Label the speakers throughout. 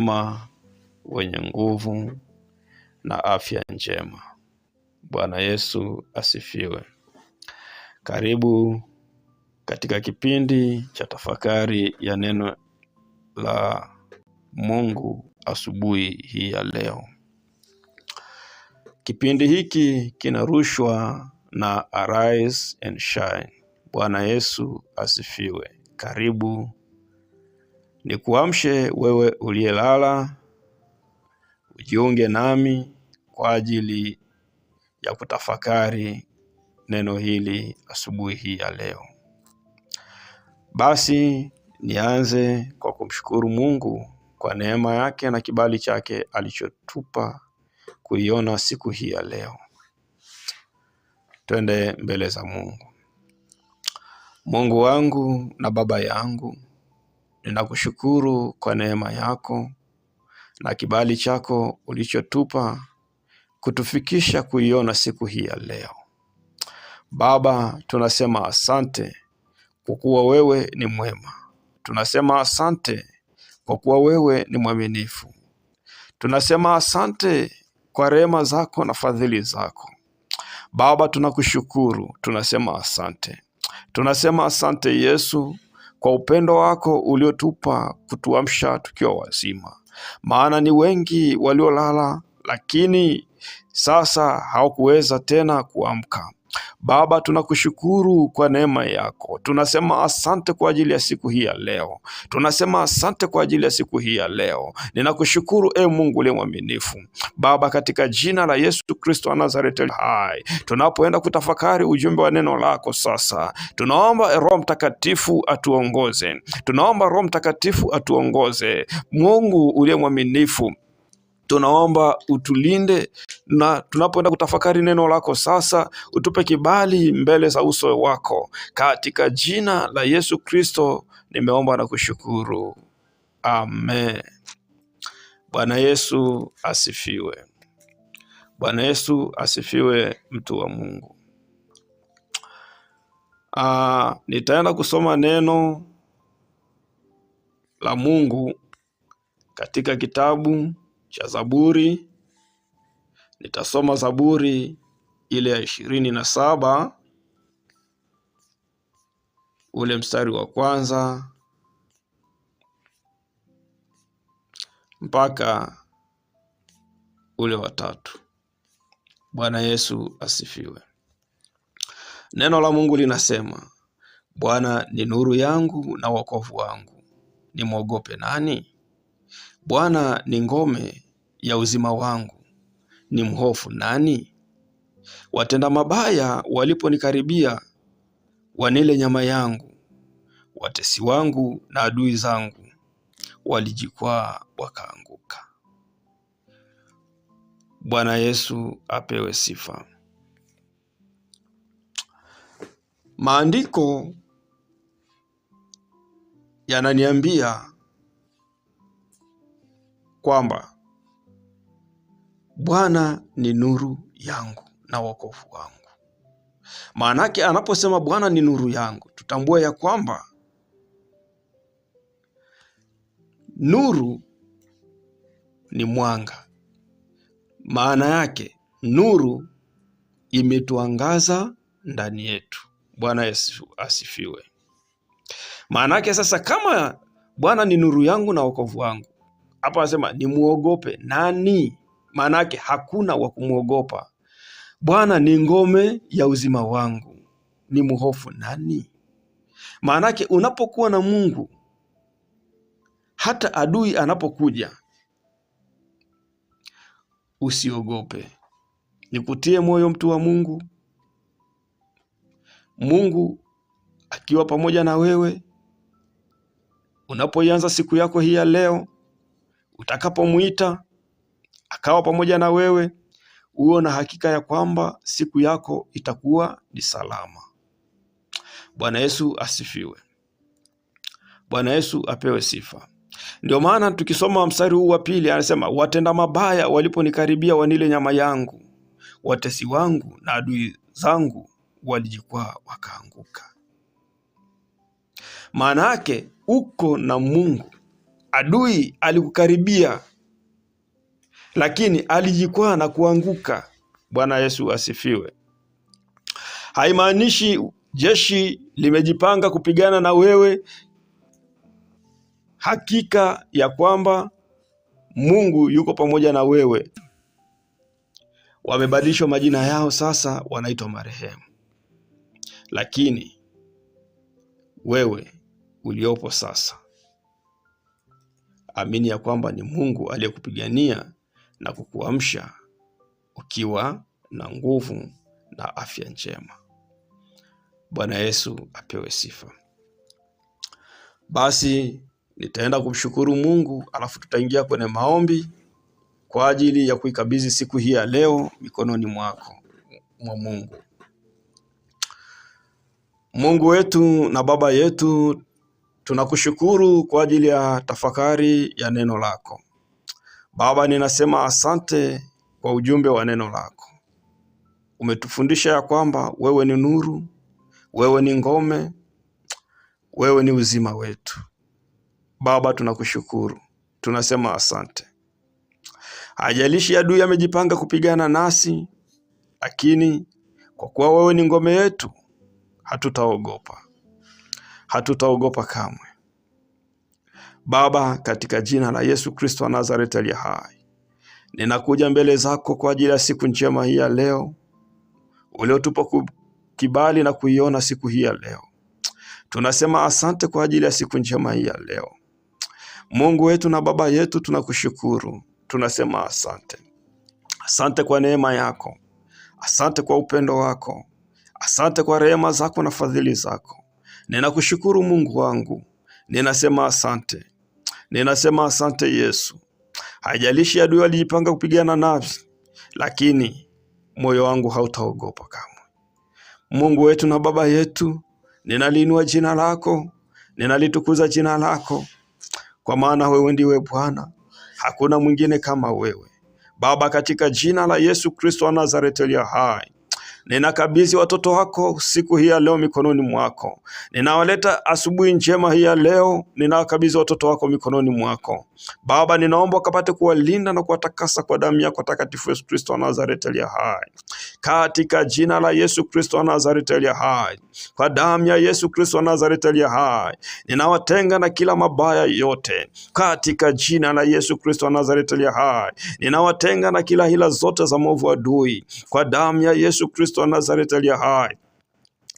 Speaker 1: mwema, wenye nguvu na afya njema. Bwana Yesu asifiwe. Karibu katika kipindi cha tafakari ya neno la Mungu asubuhi hii ya leo. Kipindi hiki kinarushwa na Arise and Shine. Bwana Yesu asifiwe. Karibu nikuamshe wewe uliyelala, ujiunge nami kwa ajili ya kutafakari neno hili asubuhi hii ya leo. Basi nianze kwa kumshukuru Mungu kwa neema yake na kibali chake alichotupa kuiona siku hii ya leo. Twende mbele za Mungu. Mungu wangu na Baba yangu Ninakushukuru kwa neema yako na kibali chako ulichotupa kutufikisha kuiona siku hii ya leo. Baba, tunasema asante kwa kuwa wewe ni mwema. Tunasema asante kwa kuwa wewe ni mwaminifu. Tunasema asante kwa rehema zako na fadhili zako. Baba, tunakushukuru. Tunasema asante. Tunasema asante Yesu kwa upendo wako uliotupa kutuamsha tukiwa wazima, maana ni wengi waliolala, lakini sasa hawakuweza tena kuamka. Baba, tunakushukuru kwa neema yako. Tunasema asante kwa ajili ya siku hii ya leo, tunasema asante kwa ajili ya siku hii ya leo. Ninakushukuru e Mungu uliye mwaminifu, Baba, katika jina la Yesu Kristo wa Nazareti hai. Tunapoenda kutafakari ujumbe wa neno lako sasa, tunaomba Roho Mtakatifu atuongoze, tunaomba Roho Mtakatifu atuongoze. Mungu uliye mwaminifu tunaomba utulinde na tunapoenda kutafakari neno lako sasa, utupe kibali mbele za uso wako, katika jina la Yesu Kristo nimeomba na kushukuru, amen. Bwana Yesu asifiwe. Bwana Yesu asifiwe, mtu wa Mungu. Aa, ah, nitaenda kusoma neno la Mungu katika kitabu cha Zaburi. Nitasoma Zaburi ile ya ishirini na saba ule mstari wa kwanza mpaka ule wa tatu. Bwana Yesu asifiwe. Neno la Mungu linasema, Bwana ni nuru yangu na wokovu wangu, nimwogope nani? Bwana ni ngome ya uzima wangu, ni mhofu nani? Watenda mabaya waliponikaribia, wanile nyama yangu, watesi wangu na adui zangu walijikwaa wakaanguka. Bwana Yesu apewe sifa. Maandiko yananiambia kwamba Bwana ni nuru yangu na wokovu wangu. Maanake anaposema Bwana ni nuru yangu, tutambue ya kwamba nuru ni mwanga. Maana yake nuru imetuangaza ndani yetu. Bwana asifiwe. Maana yake sasa, kama Bwana ni nuru yangu na wokovu wangu, hapo anasema ni muogope nani? Maanake hakuna wa kumwogopa. Bwana ni ngome ya uzima wangu, ni muhofu nani? Maanake unapokuwa na Mungu, hata adui anapokuja usiogope. Nikutie moyo, mtu wa Mungu. Mungu akiwa pamoja na wewe unapoianza siku yako hii ya leo Utakapomwita akawa pamoja na wewe, uwe na hakika ya kwamba siku yako itakuwa ni salama. Bwana Yesu asifiwe. Bwana Yesu apewe sifa. Ndio maana tukisoma mstari huu wa pili anasema, watenda mabaya waliponikaribia wanile nyama yangu, watesi wangu na adui zangu walijikwaa wakaanguka. Maana yake uko na Mungu Adui alikukaribia lakini alijikwaa na kuanguka. Bwana Yesu asifiwe. Haimaanishi jeshi limejipanga kupigana na wewe. Hakika ya kwamba Mungu yuko pamoja na wewe. Wamebadilishwa majina yao, sasa wanaitwa marehemu, lakini wewe uliopo sasa amini ya kwamba ni Mungu aliyekupigania na kukuamsha ukiwa na nguvu na afya njema. Bwana Yesu apewe sifa. Basi nitaenda kumshukuru Mungu, alafu tutaingia kwenye maombi kwa ajili ya kuikabidhi siku hii ya leo mikononi mwako mwa Mungu. Mungu wetu na Baba yetu Tunakushukuru kwa ajili ya tafakari ya neno lako Baba. Ninasema asante kwa ujumbe wa neno lako. Umetufundisha ya kwamba wewe ni nuru, wewe ni ngome, wewe ni uzima wetu. Baba, tunakushukuru, tunasema asante. Hajalishi adui amejipanga kupigana nasi, lakini kwa kuwa wewe ni ngome yetu, hatutaogopa hatutaogopa kamwe. Baba, katika jina la Yesu Kristo wa Nazareti aliye hai, ninakuja mbele zako kwa ajili ya siku njema hii ya leo uliotupa kibali na kuiona siku hii ya leo. Tunasema asante kwa ajili ya siku njema hii ya leo. Mungu wetu na Baba yetu, tunakushukuru, tunasema asante. Asante kwa neema yako, asante kwa upendo wako, asante kwa rehema zako na fadhili zako. Ninakushukuru Mungu wangu, ninasema asante, ninasema asante Yesu. Haijalishi adui alijipanga kupigana nafsi, lakini moyo wangu hautaogopa kamwe. Mungu wetu na Baba yetu, ninaliinua jina lako, ninalitukuza jina lako, kwa maana wewe ndiwe Bwana, hakuna mwingine kama wewe Baba, katika jina la Yesu Kristo wa Nazareti aliye hai Ninakabidhi watoto wako siku hii ya leo mikononi mwako. Ninawaleta asubuhi njema hii ya leo, ninawakabidhi watoto wako mikononi mwako. Baba, ninaomba ukapate kuwalinda na kuwatakasa kwa damu yako takatifu Yesu Kristo wa Nazareti aliye hai. Katika jina la Yesu Kristo wa Nazareti aliye hai. Kwa damu ya Yesu Kristo wa Nazareti aliye hai. Ninawatenga na kila mabaya yote. Katika jina la Yesu Kristo wa Nazareti aliye hai. Ninawatenga na kila hila zote za mwovu adui. Kwa damu ya Yesu Kristo Kristo wa Nazareti aliye hai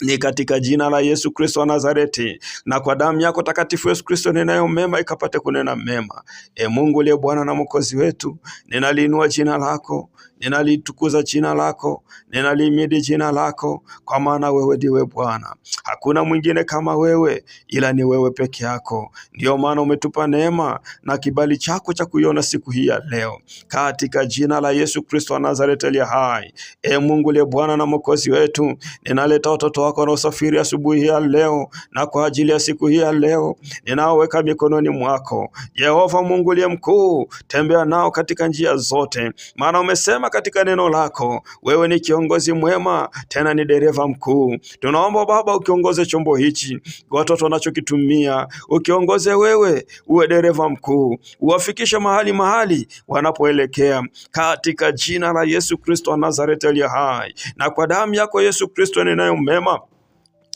Speaker 1: ni katika jina la Yesu Kristo wa Nazareti na kwa damu yako takatifu Yesu Kristo ninayo mema ikapate kunena mema. E Mungu uliye Bwana na Mwokozi wetu, ninaliinua jina lako ninalitukuza jina lako, ninalimidi jina lako, kwa maana wewe ndiwe Bwana, hakuna mwingine kama wewe, ila ni wewe peke yako. Ndiyo maana umetupa neema na kibali chako cha kuiona siku hii ya leo, katika jina la Yesu Kristo wa Nazareti aliye hai. E Mungu liye Bwana na Mwokozi wetu, ninaleta watoto wako usafiri asubuhi hii ya leo na kwa ajili ya siku hii ya leo, ninaoweka mikononi mwako Yehova Mungu liye mkuu, tembea nao katika njia zote, maana umesema katika neno lako. Wewe ni kiongozi mwema, tena ni dereva mkuu. Tunaomba Baba, ukiongoze chombo hichi, watoto wanachokitumia, ukiongoze wewe, uwe dereva mkuu, uwafikishe mahali mahali wanapoelekea, katika jina la Yesu Kristo wa Nazareti aliye hai, na kwa damu yako Yesu Kristo, ninayo mema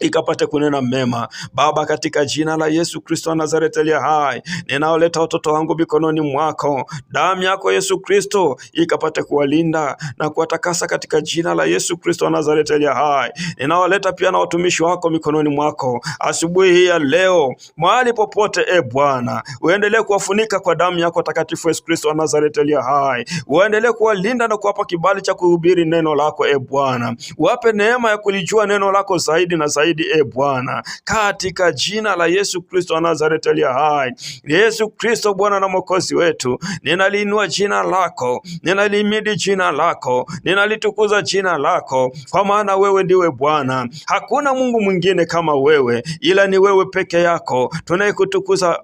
Speaker 1: ikapate kunena mema. Baba, katika jina la Yesu Kristo wa Nazareti aliye hai, ninaoleta watoto wangu mikononi mwako. Damu yako Yesu Kristo ikapate kuwalinda na kuwatakasa katika jina la Yesu Kristo wa Nazareti aliye hai, ninaoleta pia na watumishi wako mikononi mwako asubuhi hii ya leo, mahali popote. E Bwana, uendelee kuwafunika kwa damu yako takatifu, Yesu Kristo wa Nazareti aliye hai, uendelee kuwalinda na kuwapa kibali cha kuhubiri neno lako. E Bwana, wape neema ya kulijua neno lako zaidi na zaidi zaidi, e Bwana, katika jina la Yesu Kristo wa Nazareti aliye hai. Yesu Kristo Bwana na Mwokozi wetu, ninaliinua jina lako, ninalimidi jina lako, ninalitukuza jina lako, kwa maana wewe ndiwe Bwana, hakuna Mungu mwingine kama wewe, ila ni wewe peke yako tunayekutukuza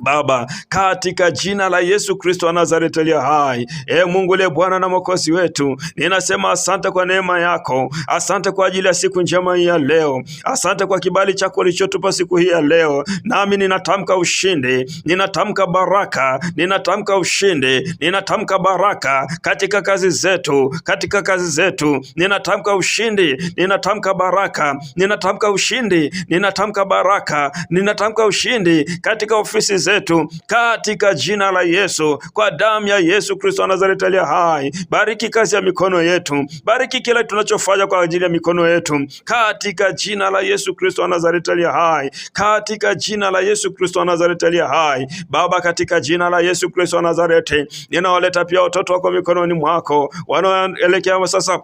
Speaker 1: Baba, katika jina la Yesu Kristo wa Nazareti aliye hai, e Mungu le Bwana na mwokozi wetu, ninasema asante kwa neema yako, asante kwa ajili ya siku njema hii ya leo, asante kwa kibali chako ulichotupa siku hii ya leo. Nami ninatamka ushindi, ninatamka baraka, ninatamka ushindi, ninatamka baraka katika kazi zetu, katika kazi zetu, ninatamka ushindi, ninatamka baraka, ninatamka ushindi, ninatamka baraka, ninatamka ushindi katika ofisi zetu katika jina la Yesu, kwa damu ya Yesu Kristo wa Nazareti aliye hai. Bariki kazi ya mikono yetu, bariki kila tunachofanya kwa ajili ya mikono yetu katika jina la Yesu Kristo wa Nazareti aliye hai, katika jina la Yesu Kristo wa Nazareti aliye hai. Baba, katika jina la Yesu Kristo wa Nazareti, ninawaleta pia watoto wako mikononi mwako wanaoelekea sasa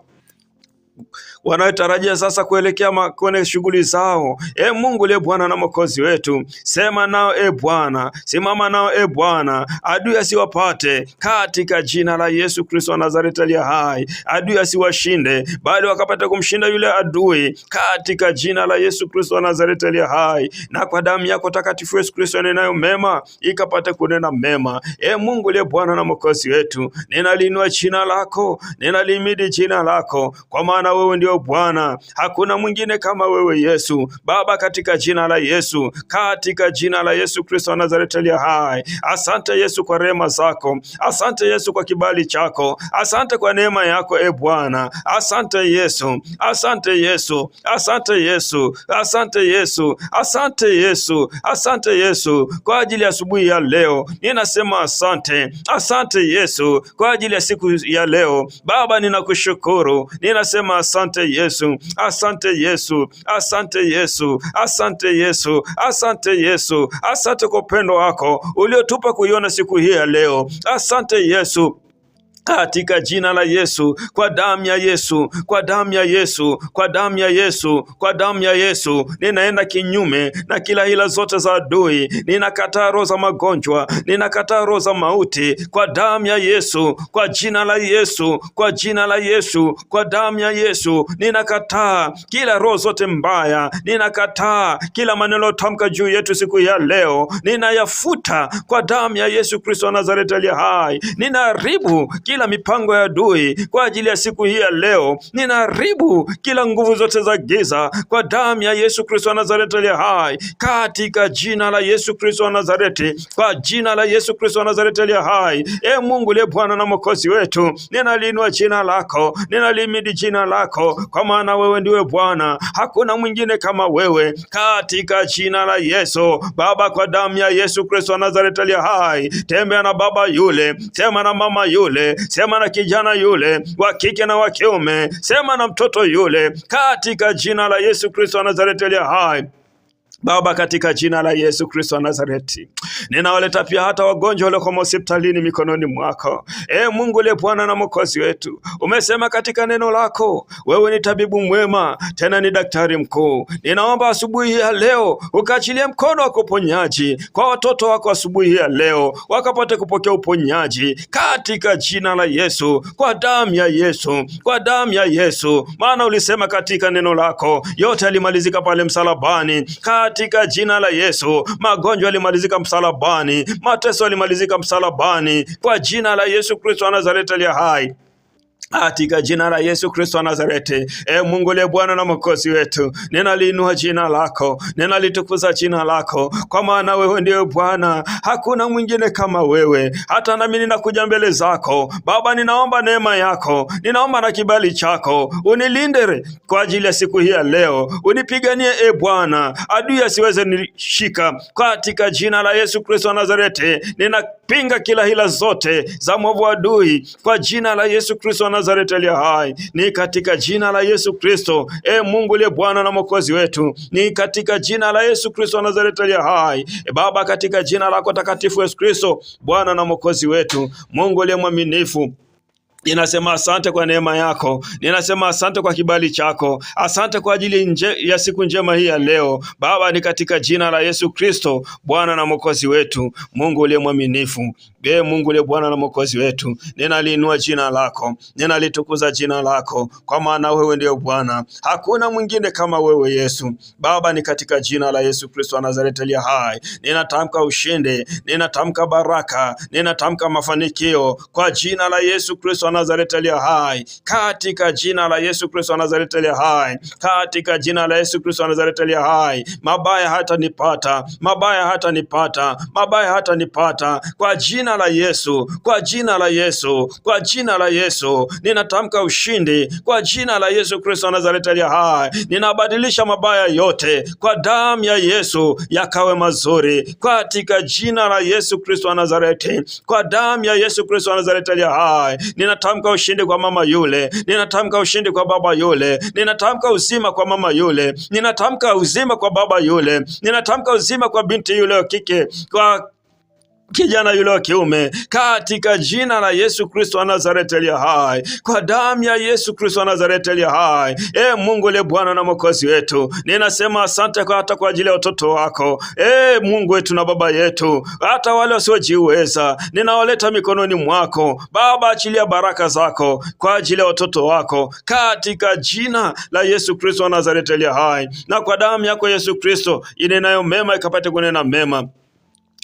Speaker 1: wanayotarajia sasa kuelekea kwenye shughuli zao. E Mungu liye Bwana na Mwokozi wetu, sema nao e Bwana, simama nao e Bwana, adui asiwapate katika jina la Yesu Kristo wa Nazareti aliye hai. Adui asiwashinde, bali wakapata kumshinda yule adui katika jina la Yesu Kristo wa Nazareti aliye hai, na kwa damu yako takatifu Yesu Kristo anenayo mema ikapate kunena mema. E Mungu liye Bwana na Mwokozi wetu, ninaliinua jina lako, ninalimidi jina lako, kwa maana wewe ndio ndiyo Bwana, hakuna mwingine kama wewe Yesu. Baba, katika jina la Yesu, katika jina la Yesu Kristo wa Nazareti aliye hai, asante Yesu kwa rehema zako, asante Yesu kwa kibali chako, asante kwa neema yako e Bwana, asante Yesu, asante Yesu, asante Yesu, asante Yesu, asante Yesu, asante Yesu kwa ajili ya asubuhi ya leo. Ninasema asante, asante Yesu kwa ajili ya siku ya leo. Baba, ninakushukuru, ninasema asante Asante Yesu, asante Yesu, asante Yesu, asante Yesu, asante Yesu, asante kwa upendo wako uliotupa kuiona siku hii ya leo. Asante Yesu katika jina la Yesu, kwa damu ya Yesu, kwa damu ya Yesu, kwa damu ya Yesu, kwa damu ya Yesu. Ninaenda kinyume na kila hila zote za adui, ninakataa roho za magonjwa, ninakataa roho za mauti, kwa damu ya Yesu, kwa jina la Yesu, kwa jina la Yesu, kwa damu ya Yesu. Ninakataa kila roho zote mbaya, ninakataa kila maneno tamka juu yetu siku ya leo, ninayafuta kwa damu ya Yesu Kristo wa Nazareti aliye hai, ninaharibu kila kila mipango ya adui kwa ajili ya siku hii ya leo. Ninaharibu kila nguvu zote za giza kwa damu ya Yesu Kristo wa Nazareti aliye hai, katika jina la Yesu Kristo wa Nazareti, kwa jina la Yesu Kristo wa Nazareti aliye hai. E Mungu liye Bwana na Mwokozi wetu, ninaliinua jina lako, ninalimidi jina lako, kwa maana wewe ndiwe Bwana, hakuna mwingine kama wewe, katika jina la Yesu. Baba, kwa damu ya Yesu Kristo wa Nazareti aliye hai, tembea na baba yule, tembea na mama yule, sema na kijana yule wa kike na wa kiume, sema na mtoto yule, katika jina la Yesu Kristo wa Nazareti aliye hai. Baba, katika jina la Yesu Kristo wa Nazareti, ninawaleta pia hata wagonjwa walioko hospitalini mikononi mwako. E Mungu le Bwana na Mwokozi wetu, umesema katika neno lako, wewe ni tabibu mwema, tena ni daktari mkuu. Ninaomba asubuhi ya leo ukaachilie mkono wa uponyaji kwa watoto wako, asubuhi ya leo wakapate kupokea uponyaji katika jina la Yesu, kwa damu ya Yesu, kwa damu ya Yesu, maana ulisema katika neno lako yote yalimalizika pale msalabani ka katika jina la Yesu. Magonjwa yalimalizika msalabani, mateso yalimalizika msalabani, kwa jina la Yesu Kristo wa Nazareti aliye hai katika jina la Yesu Kristo wa Nazareti. E Mungu le Bwana na Mwokozi wetu, ninaliinua jina lako, ninalitukuza jina lako, kwa maana wewe ndiwe Bwana, hakuna mwingine kama wewe. Hata nami ninakuja mbele zako Baba, ninaomba neema yako, ninaomba na kibali chako, unilinde kwa ajili ya siku hii ya leo, unipiganie e Bwana, adui asiweze nishika, katika jina la Yesu Kristo wa Nazareti. Ninapinga kila hila zote za mwovu adui kwa jina la Yesu Kristo wa Nazareti aliye hai, ni katika jina la Yesu Kristo, e Mungu liye Bwana na Mwokozi wetu, ni katika jina la Yesu Kristo wa Nazareti aliye hai. E Baba, katika jina lako takatifu Yesu Kristo, Bwana na Mwokozi wetu, Mungu aliye mwaminifu Ninasema asante kwa neema yako, ninasema asante kwa kibali chako, asante kwa ajili nje, ya siku njema hii ya leo Baba, ni katika jina la Yesu Kristo, Bwana na Mwokozi wetu, Mungu uliye mwaminifu. Ee Mungu le Bwana na Mwokozi wetu, ninaliinua jina lako, ninalitukuza jina lako, kwa maana wewe ndiyo Bwana, hakuna mwingine kama wewe Yesu. Baba, ni katika jina la Yesu Kristo wa Nazareti aliye hai, ninatamka ushindi, ninatamka baraka, ninatamka mafanikio kwa jina la Yesu Kristo wa Nazareti aliye hai, katika jina la Yesu Kristo wa Nazareti aliye hai, katika jina la Yesu Kristo wa Nazareti aliye hai. Mabaya hata nipata, mabaya hata nipata, mabaya hata nipata kwa jina jina la Yesu, kwa jina la Yesu, kwa jina la Yesu ninatamka ushindi kwa jina la Yesu Kristo wa Nazareti aliye hai. Ninabadilisha mabaya yote kwa damu ya Yesu yakawe mazuri katika jina la Yesu Kristo wa Nazareti, kwa damu ya Yesu Kristo wa Nazareti aliye hai. Ninatamka ushindi kwa mama yule, ninatamka ushindi kwa baba yule, ninatamka uzima kwa mama yule, ninatamka uzima kwa baba yule, ninatamka uzima kwa binti yule wa kike kwa kijana yule wa kiume katika jina la Yesu Kristo wa Nazareti aliye hai, kwa damu ya Yesu Kristo wa Nazareti aliye hai. E Mungu le Bwana na Mwokozi wetu, ninasema asante kwa hata kwa ajili ya watoto wako e Mungu wetu na Baba yetu, hata wale wasiojiweza ninawaleta mikononi mwako Baba, achilia baraka zako kwa ajili ya watoto wako katika jina la Yesu Kristo wa Nazareti aliye hai, na kwa damu yako Yesu Kristo inenayo mema ikapate kunena mema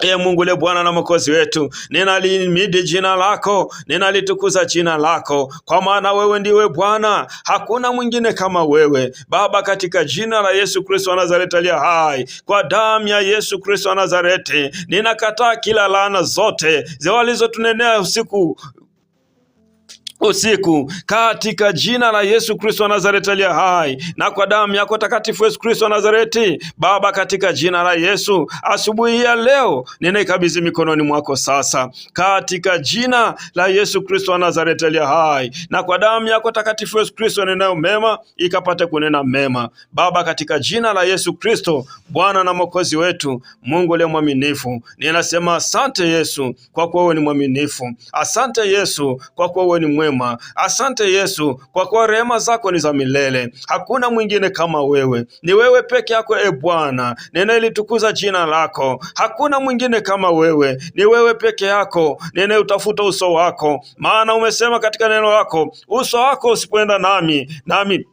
Speaker 1: Ee Mungu le Bwana na Mwokozi wetu, ninalimidi jina lako, ninalitukuza jina lako, kwa maana wewe ndiwe Bwana, hakuna mwingine kama wewe. Baba, katika jina la Yesu Kristo wa Nazareti aliye hai, kwa damu ya Yesu Kristo wa Nazareti, ninakataa kila laana zote walizotunenea usiku usiku katika jina la Yesu Kristo wa Nazareti aliye hai na kwa damu yako takatifu Yesu Kristo wa Nazareti. Baba, katika jina la Yesu, asubuhi ya leo ninaikabidhi mikononi mwako sasa, katika jina la Yesu Kristo wa Nazareti aliye hai na kwa damu yako takatifu Yesu Kristo, nenayo mema ikapate kunena mema. Baba, katika jina la Yesu Kristo, Bwana na Mwokozi wetu, Mungu aliye mwaminifu, ninasema asante Yesu kwa kuwa wewe ni mwaminifu. Asante Yesu kwa kuwa wewe ni mwema mwema. Asante Yesu, kwa kuwa rehema zako ni za milele, hakuna mwingine kama wewe. Ni wewe peke yako, e Bwana, ninayelitukuza jina lako. Hakuna mwingine kama wewe, ni wewe peke yako ninayeutafuta uso wako, maana umesema katika neno lako, uso wako usipoenda nami nami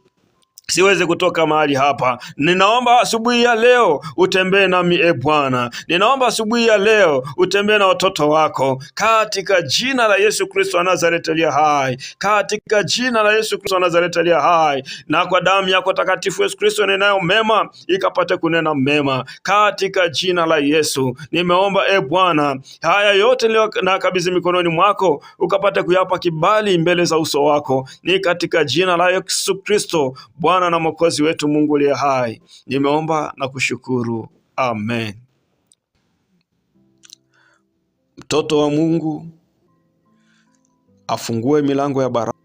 Speaker 1: siwezi kutoka mahali hapa. Ninaomba asubuhi ya leo utembee nami e Bwana, ninaomba asubuhi ya leo utembee na watoto wako katika jina la Yesu Kristo wa Nazareti aliye hai, katika jina la Yesu Kristo wa Nazareti aliye hai, na kwa damu yako takatifu Yesu Kristo ninayo mema ikapate kunena mema katika jina la Yesu. Nimeomba e Bwana, haya yote leo na kabidhi mikononi mwako, ukapate kuyapa kibali mbele za uso wako, ni katika jina la Yesu Kristo Bwana Bwana na Mwokozi wetu Mungu uliye hai, nimeomba na kushukuru. Amen. Mtoto wa Mungu afungue milango ya baraka,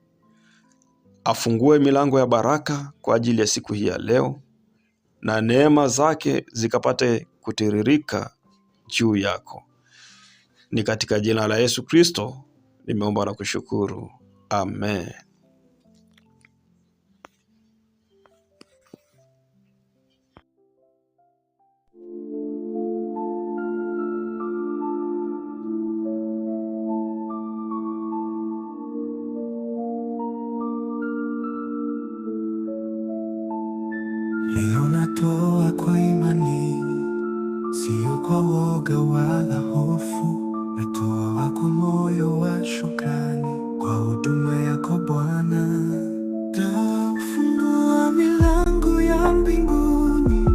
Speaker 1: afungue milango ya baraka kwa ajili ya siku hii ya leo, na neema zake zikapate kutiririka juu yako. Ni katika jina la Yesu Kristo nimeomba na kushukuru. Amen.
Speaker 2: kwa woga wala hofu, natoa wako moyo wa shukrani kwa huduma yako Bwana. Tafungua milango ya mbinguni,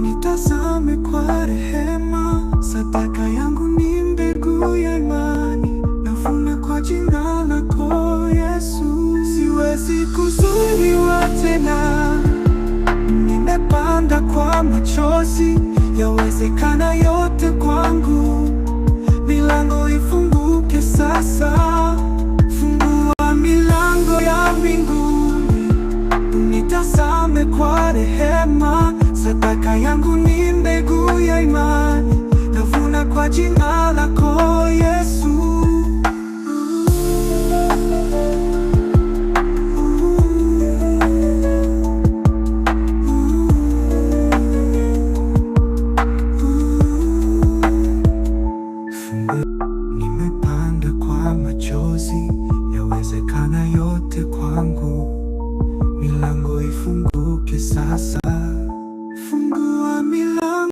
Speaker 2: nitazame kwa rehema. Sadaka yangu ni mbegu ya imani, navuna kwa jina lako Yesu. Siwezi kuzuiliwa tena, nimepanda kwa machozi yawezekana yote kwangu, milango ifunguke sasa.